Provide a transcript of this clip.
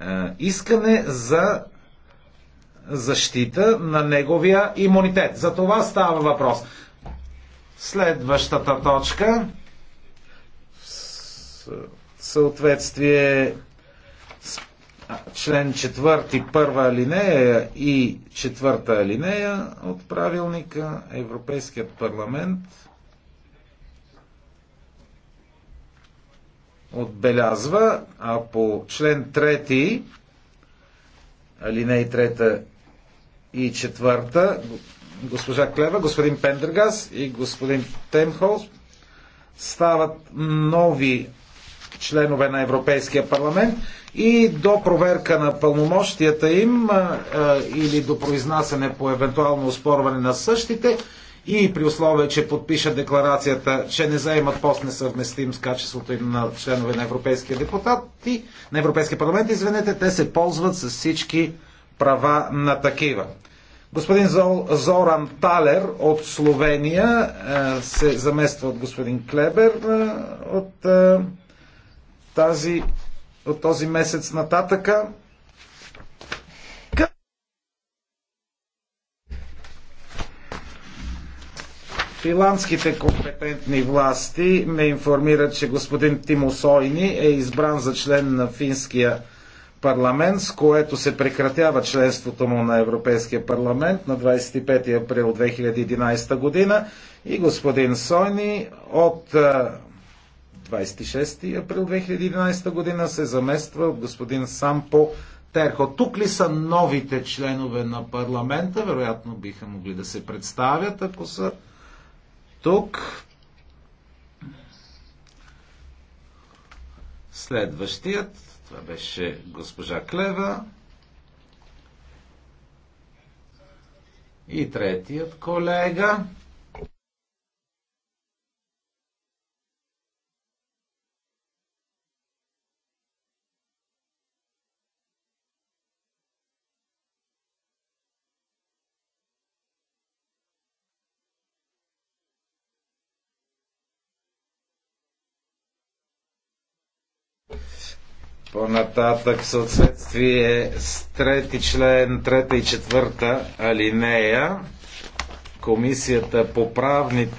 Е, искане за защита на неговия имунитет. За това става въпрос. Следващата точка съответствие с член 4, първа алинея и четвърта алинея от правилника Европейският парламент отбелязва, а по член 3, алинеи 3 и 4, госпожа Клева, господин Пендергас и господин Темхол стават нови членове на Европейския парламент и до проверка на пълномощията им а, а, или до произнасяне по евентуално оспорване на същите, и при условие, че подпишат декларацията, че не заемат пост несъвместим с качеството им на членове на Европейския депутат и на Европейския парламент, извинете, те се ползват с всички права на такива. Господин Зоран Талер от Словения е, се замества от господин Клебер е, от е, тази от този месец нататъка. Финландските компетентни власти ме информират, че господин Тимо Сойни е избран за член на финския парламент, с което се прекратява членството му на Европейския парламент на 25 април 2011 година и господин Сойни от 26 април 2011 година се замества от господин Сампо Терхо. Тук ли са новите членове на парламента? Вероятно биха могли да се представят, ако са тук. Следващият, това беше госпожа Клева. И третият колега. По-нататък в съответствие с трети член, трета и четвърта алинея, Комисията по правните